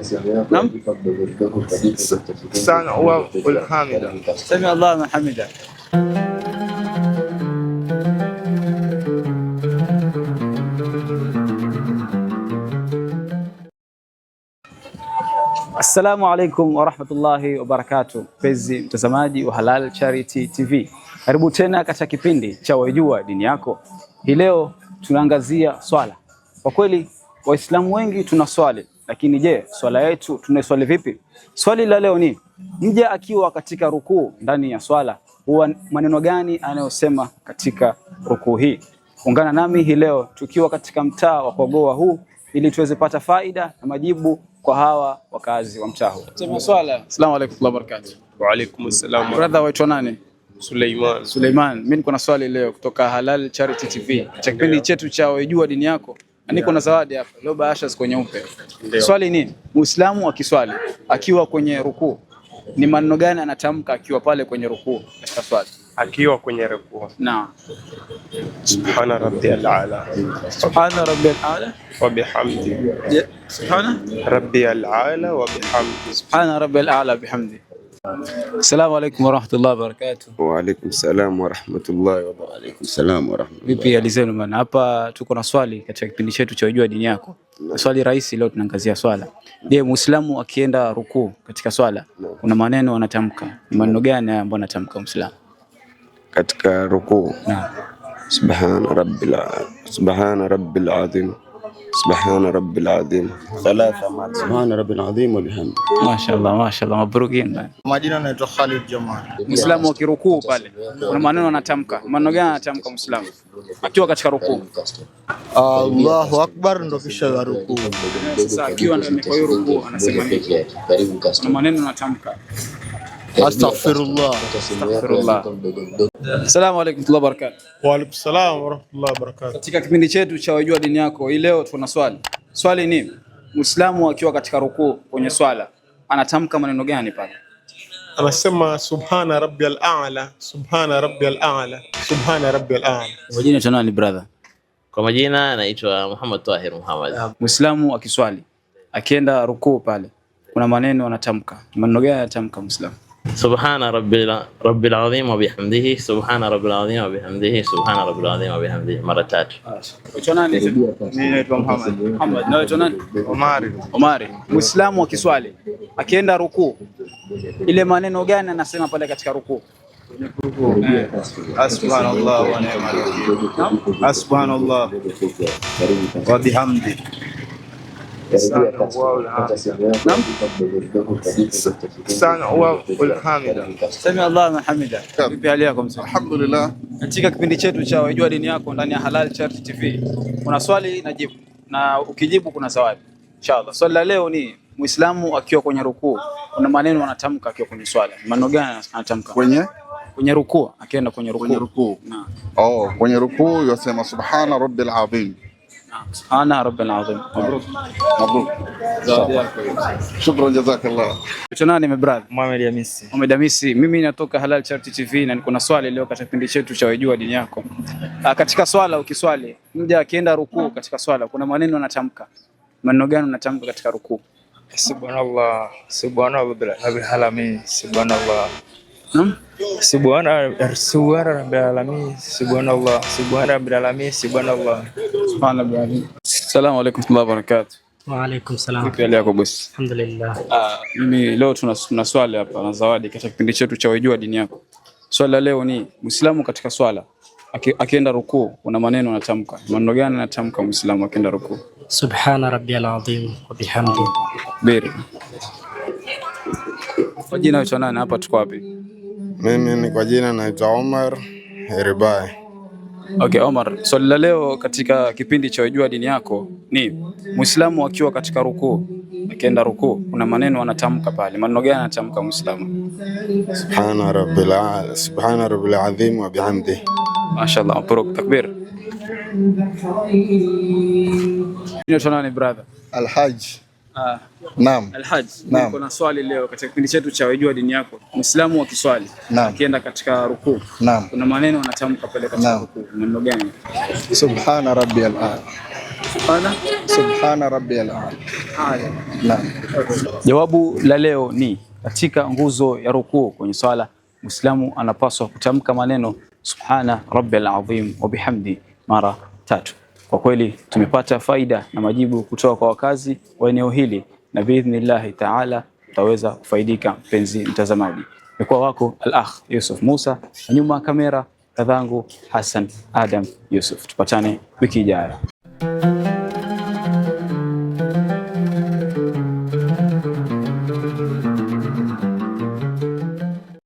Naam, sana wa sami Allah na hamida. Assalamu alaikum warahmatullahi wabarakatuh, mpenzi mtazamaji wa Halal Charity TV, karibu tena katika kipindi cha Waijua Dini Yako. Hii leo tunaangazia swala. Kwa kweli Waislamu wengi tuna swali lakini je, swala yetu tunaswali vipi? Swali la leo ni mja akiwa katika rukuu ndani ya swala huwa maneno gani anayosema katika rukuu hii? Ungana nami hii leo tukiwa katika mtaa wa Kogoa huu ili tuweze pata faida na majibu kwa hawa wakazi wa mtaa huu. Asalamu alaykum wa barakatuh. Wa alaykum assalam. Brother waitwa nani? Suleiman. Suleiman, mimi niko na swali leo kutoka Halal Charity TV cha kipindi chetu cha Wajua Dini Yako. Niko na zawadi hapa leo, bahasha ziko nyeupe. Swali ni Muislamu akiswali akiwa kwenye rukuu ni maneno gani anatamka akiwa pale kwenye rukuu katika swali? Akiwa kwenye rukuu. Naam. Subhana rabbiyal ala. Subhana rabbiyal ala wa bihamdi. Subhana rabbiyal ala wa bihamdi. Subhana rabbiyal ala bihamdi assalamualaikum alaikum warahmatullahi wabarakatuh. Wa alaikum salam warahmatullahi wa alaikum salam warahmatullahi. Vipi hali zenu bwana? Hapa tuko na swali katika kipindi chetu cha Ujua Dini Yako. Swali rahisi leo tunaangazia swala. Je, Muislamu akienda rukuu katika swala kuna maneno anatamka. Ni maneno gani ambayo anatamka Muislamu? Katika rukuu. Subhana rabbil Subhana rabbil azim. Subhana rabbil adhim. Thalatha mara. Subhana rabbil adhim wa bihamdi. Mashaallah, mashaallah. Mabrukin. Majina anaitwa Khalid Jamal. Muislamu akirukuu pale, kuna maneno anatamka. Maneno gani anatamka Muislamu akiwa katika rukuu? Allahu akbar, ndo kisha rukuu. Sasa akiwa kwa hiyo rukuu anasema nini? Kuna maneno anatamka. Astaghfirullah. Astaghfirullah. Assalamu alaykum wa barakatuh. الله alaykum salam wa rahmatullahi wa barakatuh. Katika kipindi chetu cha wajua dini yako, hii leo tuna swali. Swali ni Muislamu akiwa katika rukuu kwenye swala anatamka maneno gani pale? Anasema subhana rabbiyal a'la, subhana rabbiyal a'la, subhana rabbiyal a'la. Kwa jina cha nani brother? Kwa majina anaitwa Muhammad Tahir Muhammad. Ah, Muislamu akiswali akienda rukuu pale kuna maneno anatamka. Maneno gani anatamka Muislamu? سبحان رب ربي العظيم وبحمده سبحان رب العظيم وبحمده سبحان رب العظيم وبحمده مره ثالثه وشنان نين نعم. محمد محمد نو نعم. شنان عمري عمري مسلم وكسوالي akienda ركوع ile maneno gani anasema pale katika ركوع سبحان الله ونعم الوكيل سبحان الله وبحمده Alhamdulillah. Katika kipindi chetu cha Waijua Dini Yako ndani ya Halal Charity TV kuna swali na jibu, na ukijibu kuna zawadi inshallah. Swali la leo ni Muislamu akiwa kwenye rukuu kuna maneno anatamka akiwa kwenye swala. Maneno gani anatamka? Kwenye kwenye rukuu, akienda kwenye rukuu. Kwenye rukuu. Oh, kwenye rukuu yasema subhana rabbil azim. Subhana rabbil azim. Mabruk. Mabruk. Zawadi yako hiyo. Shukrani jazakallah. Tunani mbrother. Mohamed Hamisi. Mohamed mimi natoka Halal Charity TV na niko na swali leo katika kipindi chetu cha Wajua Dini Yako. Ah, katika swala ukiswali, mja akienda rukuu katika swala kuna maneno anatamka. Maneno gani unatamka katika rukuu? Subhanallah, subhanallah rabbil alamin, subhanallah. Hmm? Subhanallah, rabbil alamin, subhanallah, subhanallah rabbil alamin, subhanallah. Assalamu alaykum wa barakatuh. Wa alaykum salam. Hali yako bosi? Alhamdulillah. Ah, mimi leo tuna swali hapa na zawadi katika kipindi chetu cha wajua Dini Yako. Swali la leo ni Muislamu katika swala akienda rukuu, una maneno anatamka. Maneno gani anatamka Muislamu akienda rukuu? Subhana rabbiyal azim wa bihamdi. Beri. Kwa jina unaitwa nani? Hapa tuko wapi? Mimi ni kwa jina naitwa Omar Heribai. Okay, Omar, swali la leo katika kipindi cha Ujua Dini Yako ni Muislamu akiwa katika rukuu, akienda rukuu, kuna maneno anatamka pale, maneno gani anatamka Muislamu? Subhana rabbil al subhana rabbil azim wa bihamdi. Mashaallah, mabruk, takbir. Ni brother? Alhaji Ah, naam. Alhaj, niko na swali leo katika kipindi chetu cha Wajua Dini Yako. Muislamu akiswali akienda katika rukuu, kuna maneno anatamka pale katika rukuu, maneno gani? Subhana rabbiyal a'la. Subhana, subhana rabbiyal a'la. Naam. Jawabu la leo ni katika nguzo ya rukuu kwenye swala Muislamu anapaswa kutamka maneno subhana rabbiyal azim wa bihamdi mara tatu. Kwa kweli tumepata faida na majibu kutoka kwa wakazi wa eneo hili, na biidhnillahi taala utaweza kufaidika. Mpenzi mtazamaji, mekuwa wako al-akh Yusuf Musa na nyuma ya kamera kadhangu Hassan Adam Yusuf. Tupatane wiki ijayo.